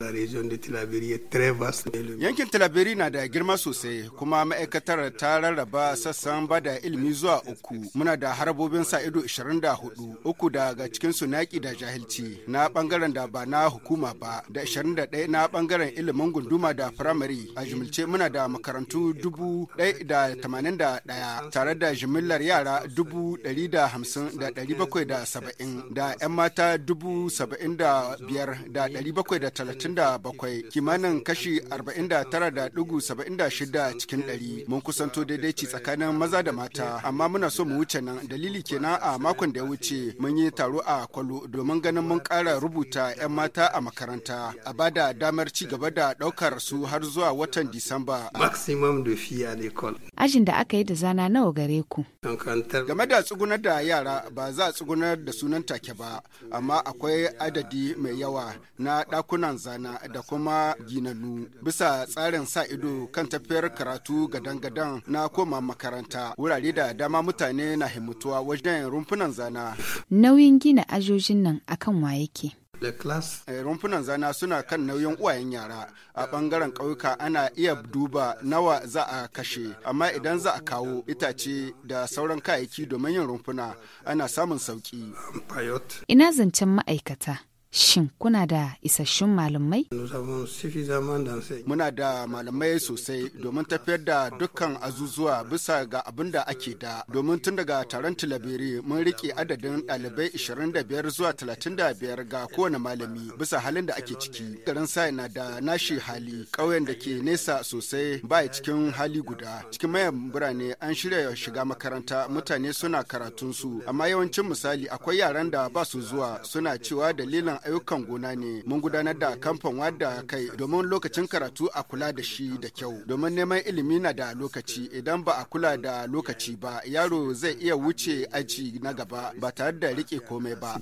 Yankin Tilaberi na da girma sosai kuma ma'aikatar ta rarraba sassan bada ilimi zuwa uku. Muna da harabobin sa ido 24, uku daga cikin su naki da jahilci na bangaren da ba na hukuma ba, da 21 na bangaren ilimin gunduma da firamare. A jimilce muna da makarantu 1,081 tare da jimillar yara 150,770 da 'yan mata 75,730. 37 kimanin kashi 49.76 cikin 100 mun kusanto daidaici tsakanin maza da mata amma muna so mu wuce nan dalili kenan a makon da ya wuce mun yi taro a kwalo domin ganin mun kara rubuta 'yan mata a makaranta a ba da damar ci gaba da daukar su har zuwa watan disamba maximum de ajin da aka yi da zana nawa gare ku game da tsugunar da yara ba za a tsugunar da sunan take ba amma akwai adadi mai yawa na dakunan za rana da kuma ginannu bisa tsarin sa ido kan tafiyar karatu gadan-gadan na koma makaranta wurare da dama mutane na himmatuwa wajen rumfunan zana. Nauyin gina ajojin nan akan wa yake? Eh, rumfunan zana suna kan nauyin uwayen yara a bangaren ƙauyuka ana iya duba nawa za a kashe amma idan za a kawo itace da sauran kayayyaki domin yin rumfuna ana samun sauki ina zancen ma'aikata Shin kuna da isassun malamai? Muna da malamai sosai domin tafiyar da dukkan azuzuwa bisa ga abin da ake da. Domin tun daga taron tilabiri mun rike adadin ɗalibai 25 zuwa 35 ga kowane malami bisa halin da ake ciki. Garin sa na da nashi hali ƙauyen da ke nesa sosai ba cikin hali guda. Cikin mayan birane an shirya shiga makaranta mutane suna karatunsu amma yawancin misali akwai yaran da ba su zuwa suna cewa dalilin ayyukan gona ne mun gudanar da kamfan wadda kai domin lokacin karatu a kula da shi da kyau domin neman ilimi na da lokaci idan ba a kula da lokaci ba yaro zai iya wuce aji na gaba ba tare da rike komai ba.